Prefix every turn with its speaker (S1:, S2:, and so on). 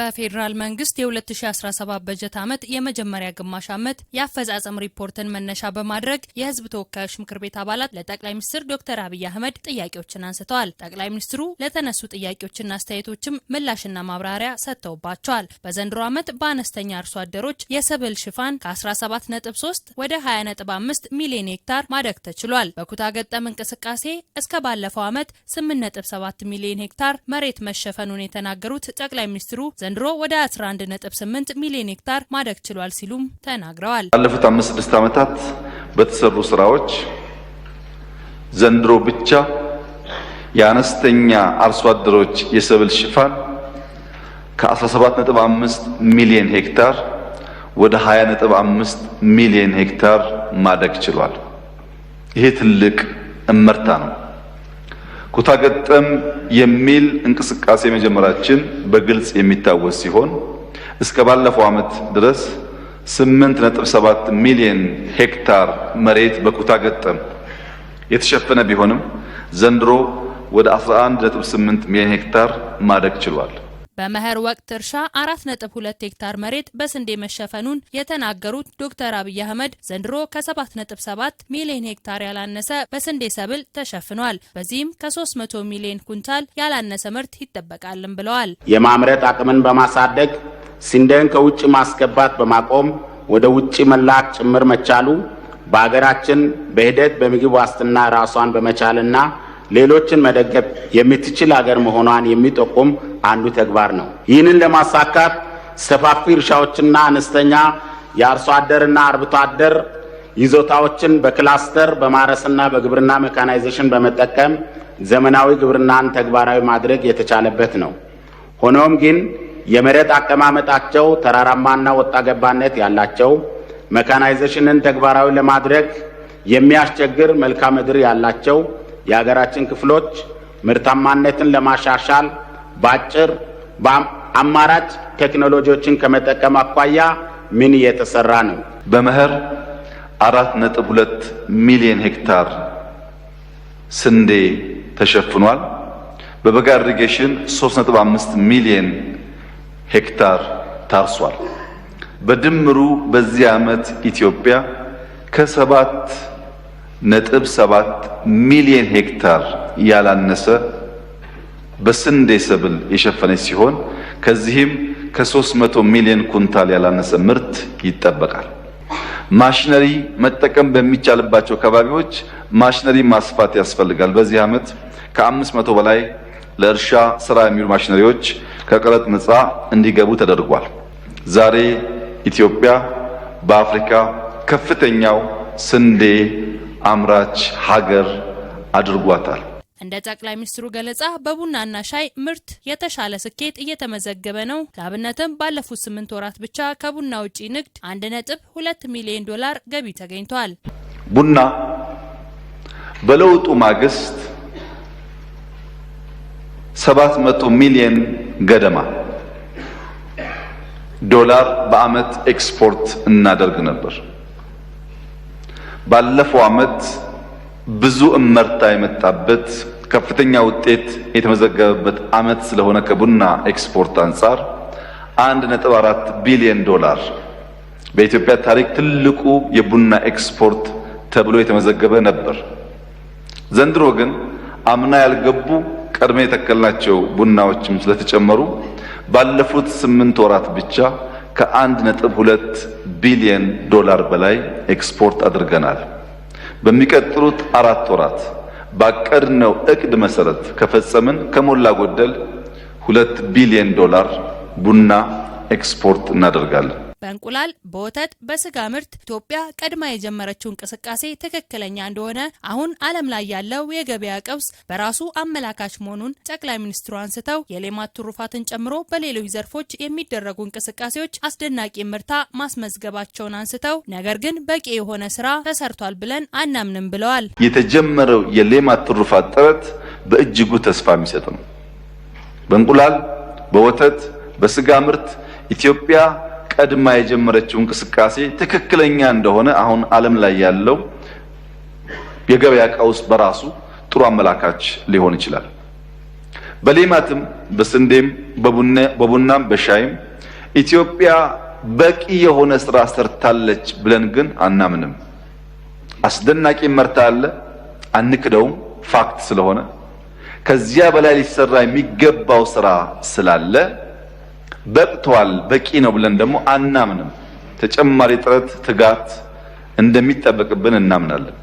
S1: በፌዴራል መንግስት የ2017 በጀት ዓመት የመጀመሪያ ግማሽ ዓመት የአፈጻጸም ሪፖርትን መነሻ በማድረግ የህዝብ ተወካዮች ምክር ቤት አባላት ለጠቅላይ ሚኒስትር ዶክተር አብይ አህመድ ጥያቄዎችን አንስተዋል። ጠቅላይ ሚኒስትሩ ለተነሱ ጥያቄዎችና አስተያየቶችም ምላሽና ማብራሪያ ሰጥተውባቸዋል። በዘንድሮ ዓመት በአነስተኛ አርሶ አደሮች የሰብል ሽፋን ከ17.3 ወደ 20.5 ሚሊዮን ሄክታር ማደግ ተችሏል። በኩታ ገጠም እንቅስቃሴ እስከ ባለፈው ዓመት 8.7 ሚሊዮን ሄክታር መሬት መሸፈኑን የተናገሩት ጠቅላይ ሚኒስትሩ ዘንድሮ ወደ 11.8 ሚሊዮን ሄክታር ማደግ ችሏል ሲሉም ተናግረዋል።
S2: ባለፉት አምስት ስድስት ዓመታት በተሰሩ ስራዎች ዘንድሮ ብቻ የአነስተኛ አርሶ አደሮች የሰብል ሽፋን ከ17.5 ሚሊዮን ሄክታር ወደ 20.5 ሚሊዮን ሄክታር ማደግ ችሏል። ይሄ ትልቅ እመርታ ነው። ኩታገጠም የሚል እንቅስቃሴ መጀመራችን በግልጽ የሚታወስ ሲሆን እስከ ባለፈው ዓመት ድረስ 8.7 ሚሊዮን ሄክታር መሬት በኩታገጠም የተሸፈነ ቢሆንም ዘንድሮ ወደ 11.8 ሚሊዮን ሄክታር ማደግ ችሏል።
S1: በመኸር ወቅት እርሻ ሁለት ሄክታር መሬት በስንዴ መሸፈኑን የተናገሩት ዶክተር አብይ አህመድ ዘንድሮ ከ7.7 ሚሊዮን ሄክታር ያላነሰ በስንዴ ሰብል ተሸፍኗል። በዚህም ከ300 ሚሊዮን ኩንታል ያላነሰ ምርት ይጠበቃልም ብለዋል።
S3: የማምረት አቅምን በማሳደግ ስንዴን ከውጭ ማስገባት በማቆም ወደ ውጭ መላክ ጭምር መቻሉ በሀገራችን በሂደት በምግብ ዋስትና ራሷን በመቻልና ሌሎችን መደገፍ የምትችል አገር መሆኗን የሚጠቁም አንዱ ተግባር ነው። ይህንን ለማሳካት ሰፋፊ እርሻዎችና አነስተኛ የአርሶ አደርና አርብቶ አደር ይዞታዎችን በክላስተር በማረስና በግብርና መካናይዜሽን በመጠቀም ዘመናዊ ግብርናን ተግባራዊ ማድረግ የተቻለበት ነው። ሆኖም ግን የመሬት አቀማመጣቸው ተራራማና ወጣ ገባነት ያላቸው መካናይዜሽንን ተግባራዊ ለማድረግ የሚያስቸግር መልክዓ ምድር ያላቸው የሀገራችን ክፍሎች ምርታማነትን ለማሻሻል በአጭር አማራጭ ቴክኖሎጂዎችን ከመጠቀም አኳያ ምን እየተሰራ ነው?
S2: በመኸር አራት ነጥብ ሁለት ሚሊዮን ሄክታር ስንዴ ተሸፍኗል። በበጋ ኢሪጌሽን 3.5 ሚሊዮን ሄክታር ታርሷል። በድምሩ በዚህ ዓመት ኢትዮጵያ ከሰባት ነጥብ ሰባት ሚሊየን ሄክታር ያላነሰ በስንዴ ሰብል የሸፈነች ሲሆን ከዚህም ከ300 ሚሊዮን ኩንታል ያላነሰ ምርት ይጠበቃል። ማሽነሪ መጠቀም በሚቻልባቸው አካባቢዎች ማሽነሪ ማስፋት ያስፈልጋል። በዚህ ዓመት ከአምስት መቶ በላይ ለእርሻ ስራ የሚውሉ ማሽነሪዎች ከቀረጥ ነፃ እንዲገቡ ተደርጓል። ዛሬ ኢትዮጵያ በአፍሪካ ከፍተኛው ስንዴ አምራች ሀገር አድርጓታል።
S1: እንደ ጠቅላይ ሚኒስትሩ ገለጻ በቡናና ሻይ ምርት የተሻለ ስኬት እየተመዘገበ ነው። ለአብነትም ባለፉት ስምንት ወራት ብቻ ከቡና ውጪ ንግድ አንድ ነጥብ ሁለት ሚሊዮን ዶላር ገቢ ተገኝቷል።
S2: ቡና በለውጡ ማግስት ሰባት መቶ ሚሊዮን ገደማ ዶላር በዓመት ኤክስፖርት እናደርግ ነበር። ባለፈው ዓመት ብዙ እመርታ የመጣበት ከፍተኛ ውጤት የተመዘገበበት ዓመት ስለሆነ ከቡና ኤክስፖርት አንጻር አንድ ነጥብ አራት ቢሊዮን ዶላር በኢትዮጵያ ታሪክ ትልቁ የቡና ኤክስፖርት ተብሎ የተመዘገበ ነበር። ዘንድሮ ግን አምና ያልገቡ ቀድሜ የተከልናቸው ቡናዎችም ስለተጨመሩ ባለፉት ስምንት ወራት ብቻ ከአንድ ነጥብ ሁለት ቢሊየን ዶላር በላይ ኤክስፖርት አድርገናል። በሚቀጥሉት አራት ወራት ባቀድነው እቅድ መሰረት ከፈጸምን ከሞላ ጎደል ሁለት ቢሊየን ዶላር ቡና ኤክስፖርት እናደርጋለን።
S1: በእንቁላል፣ በወተት፣ በስጋ ምርት ኢትዮጵያ ቀድማ የጀመረችው እንቅስቃሴ ትክክለኛ እንደሆነ አሁን ዓለም ላይ ያለው የገበያ ቀውስ በራሱ አመላካች መሆኑን ጠቅላይ ሚኒስትሩ አንስተው የሌማት ትሩፋትን ጨምሮ በሌሎች ዘርፎች የሚደረጉ እንቅስቃሴዎች አስደናቂ ምርታ ማስመዝገባቸውን አንስተው ነገር ግን በቂ የሆነ ስራ ተሰርቷል ብለን አናምንም ብለዋል።
S2: የተጀመረው የሌማት ትሩፋት ጥረት በእጅጉ ተስፋ የሚሰጥ ነው። በእንቁላል፣ በወተት፣ በስጋ ምርት ኢትዮጵያ ቀድማ የጀመረችው እንቅስቃሴ ትክክለኛ እንደሆነ አሁን ዓለም ላይ ያለው የገበያ ቀውስ በራሱ ጥሩ አመላካች ሊሆን ይችላል። በሌማትም በስንዴም በቡናም በሻይም ኢትዮጵያ በቂ የሆነ ስራ ሰርታለች ብለን ግን አናምንም። አስደናቂ መርታ አለ፣ አንክደውም፣ ፋክት ስለሆነ ከዚያ በላይ ሊሰራ የሚገባው ስራ ስላለ በቅቷል፣ በቂ ነው ብለን ደግሞ አናምንም። ተጨማሪ ጥረት፣ ትጋት እንደሚጠበቅብን እናምናለን።